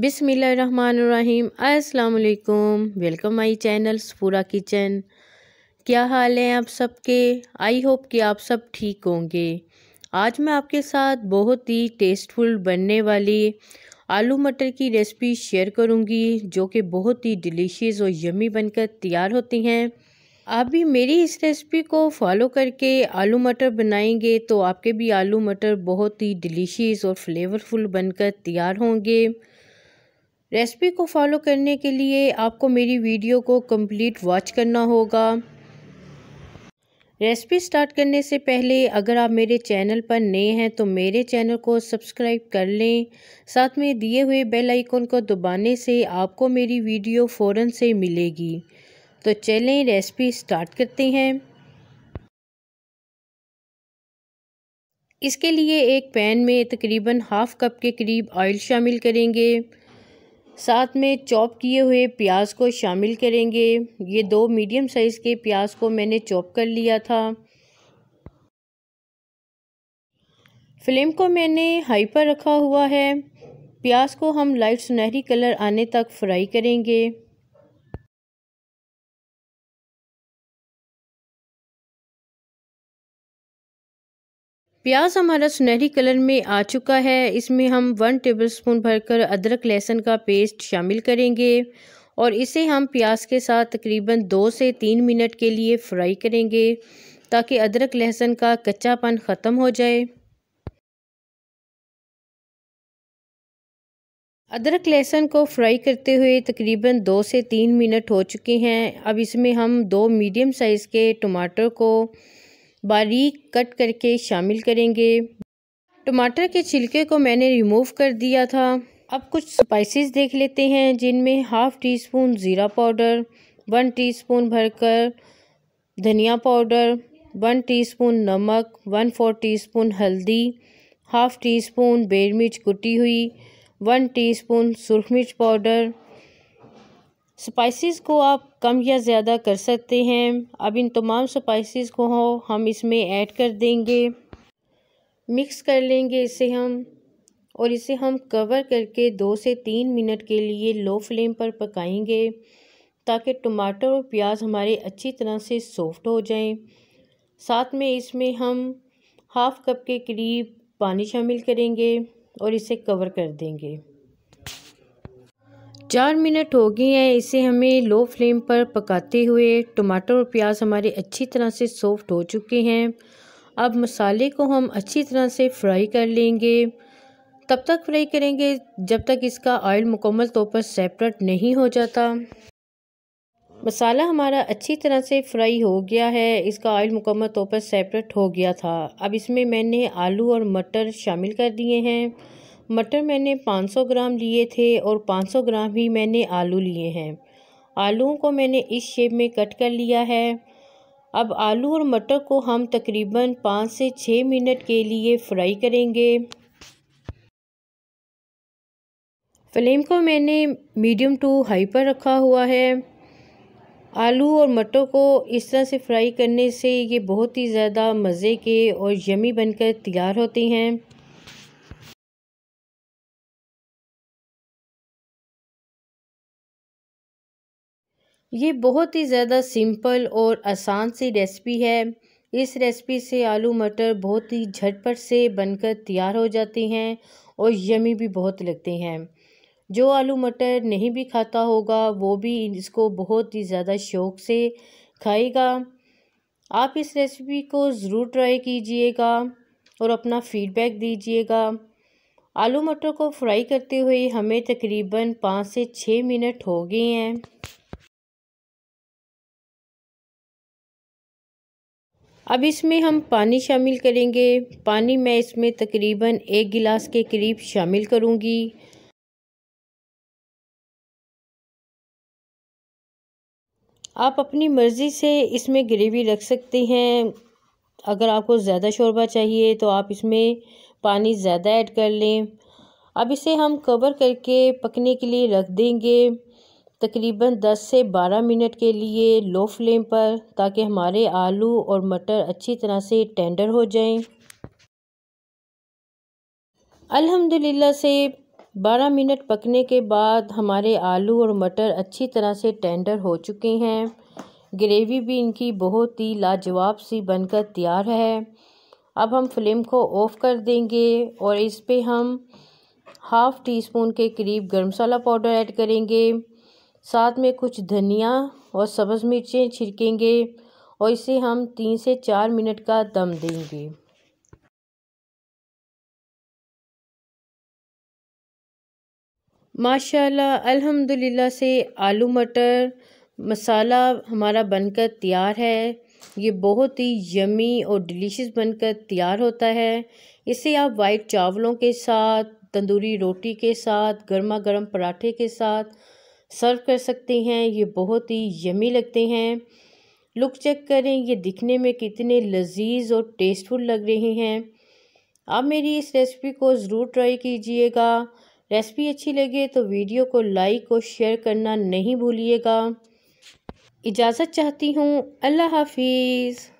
बिसमीम अस्सलाम welcome my channel Safoora kitchen क्या हाल है आप सबके आई होप कि आप सब ठीक होंगे आज मैं आपके साथ बहुत ही टेस्टफुल बनने वाली आलू मटर की रेसिपी शेयर करूंगी जो कि बहुत ही डिलीशियस और यमी बनकर तैयार होती हैं आप भी मेरी इस रेसिपी को फॉलो करके आलू मटर बनाएंगे तो आपके भी आलू मटर बहुत ही डिलीशियस और फ्लेवरफुल बनकर तैयार होंगे रेसिपी को फॉलो करने के लिए आपको मेरी वीडियो को कंप्लीट वॉच करना होगा रेसिपी स्टार्ट करने से पहले अगर आप मेरे चैनल पर नए हैं तो मेरे चैनल को सब्सक्राइब कर लें साथ में दिए हुए बेल आइकन को दबाने से आपको मेरी वीडियो फ़ौर से मिलेगी तो चलें रेसिपी स्टार्ट करते हैं इसके लिए एक पैन में तकरीबन हाफ़ कप के करीब ऑयल शामिल करेंगे साथ में चॉप किए हुए प्याज को शामिल करेंगे ये दो मीडियम साइज़ के प्याज को मैंने चॉप कर लिया था फ्लेम को मैंने हाई पर रखा हुआ है प्याज को हम लाइट सुनहरी कलर आने तक फ्राई करेंगे प्याज हमारा सुनहरी कलर में आ चुका है इसमें हम वन टेबलस्पून भरकर अदरक लहसुन का पेस्ट शामिल करेंगे और इसे हम प्याज के साथ तकरीबन दो से तीन मिनट के लिए फ्राई करेंगे ताकि अदरक लहसुन का कच्चापन ख़त्म हो जाए अदरक लहसुन को फ्राई करते हुए तकरीबन दो से तीन मिनट हो चुके हैं अब इसमें हम दो मीडियम साइज़ के टमाटर को बारीक कट करके शामिल करेंगे टमाटर के छिलके को मैंने रिमूव कर दिया था अब कुछ स्पाइसेस देख लेते हैं जिनमें हाफ़ टी स्पून ज़ीरा पाउडर वन टीस्पून भरकर धनिया पाउडर वन टीस्पून नमक वन फोर टीस्पून हल्दी हाफ़ टी स्पून बेर मिर्च कुटी हुई वन टीस्पून सुरख मिर्च पाउडर स्पाइसेस को आप कम या ज़्यादा कर सकते हैं अब इन तमाम स्पाइसेस को हम इसमें ऐड कर देंगे मिक्स कर लेंगे इसे हम और इसे हम कवर करके दो से तीन मिनट के लिए लो फ्लेम पर पकाएंगे ताकि टमाटर और प्याज हमारे अच्छी तरह से सॉफ्ट हो जाएं साथ में इसमें हम हाफ़ कप के करीब पानी शामिल करेंगे और इसे कवर कर देंगे चार मिनट हो गए हैं इसे हमें लो फ्लेम पर पकाते हुए टमाटर और प्याज हमारे अच्छी तरह से सॉफ्ट हो चुके हैं अब मसाले को हम अच्छी तरह से फ्राई कर लेंगे तब तक फ्राई करेंगे जब तक इसका ऑयल मुकम्मल तौर पर सेपरेट नहीं हो जाता मसाला हमारा अच्छी तरह से फ्राई हो गया है इसका ऑयल मुकम्मल तौर पर सेपरेट हो गया था अब इसमें मैंने आलू और मटर शामिल कर दिए हैं मटर मैंने 500 ग्राम लिए थे और 500 ग्राम ही मैंने आलू लिए हैं आलूओं को मैंने इस शेप में कट कर लिया है अब आलू और मटर को हम तकरीबन पाँच से छः मिनट के लिए फ्राई करेंगे फ्लेम को मैंने मीडियम टू हाई पर रखा हुआ है आलू और मटर को इस तरह से फ्राई करने से ये बहुत ही ज़्यादा मज़े के और यमी बनकर तैयार होती हैं ये बहुत ही ज़्यादा सिंपल और आसान सी रेसिपी है इस रेसिपी से आलू मटर बहुत ही झटपट से बनकर तैयार हो जाते हैं और यमी भी बहुत लगते हैं जो आलू मटर नहीं भी खाता होगा वो भी इसको बहुत ही ज़्यादा शौक से खाएगा आप इस रेसिपी को ज़रूर ट्राई कीजिएगा और अपना फीडबैक दीजिएगा आलू मटर को फ्राई करते हुए हमें तकरीबन पाँच से छः मिनट हो गए हैं अब इसमें हम पानी शामिल करेंगे पानी मैं इसमें तकरीबन एक गिलास के करीब शामिल करूँगी आप अपनी मर्ज़ी से इसमें ग्रेवी रख सकते हैं अगर आपको ज़्यादा शोरबा चाहिए तो आप इसमें पानी ज़्यादा ऐड कर लें अब इसे हम कवर करके पकने के लिए रख देंगे तकरीबन 10 से 12 मिनट के लिए लो फ्लेम पर ताकि हमारे आलू और मटर अच्छी तरह से टेंडर हो जाएं अल्हम्दुलिल्लाह से 12 मिनट पकने के बाद हमारे आलू और मटर अच्छी तरह से टेंडर हो चुके हैं ग्रेवी भी इनकी बहुत ही लाजवाब सी बनकर तैयार है अब हम फ्लेम को ऑफ़ कर देंगे और इस पे हम हाफ़ टी स्पून के करीब गर्म मसाला पाउडर ऐड करेंगे साथ में कुछ धनिया और सब्ज़ मिर्चें छिड़केंगे और इसे हम तीन से चार मिनट का दम देंगे माशाल्लाह अल्हम्दुलिल्लाह से आलू मटर मसाला हमारा बनकर तैयार है ये बहुत ही यमी और डिलीशियस बनकर तैयार होता है इसे आप वाइट चावलों के साथ तंदूरी रोटी के साथ गर्मा गर्म पराठे के साथ सर्व कर सकते हैं ये बहुत ही यमी लगते हैं लुक चेक करें ये दिखने में कितने लजीज और टेस्टफुल लग रहे हैं आप मेरी इस रेसिपी को ज़रूर ट्राई कीजिएगा रेसिपी अच्छी लगे तो वीडियो को लाइक और शेयर करना नहीं भूलिएगा इजाज़त चाहती हूँ अल्लाह हाफिज़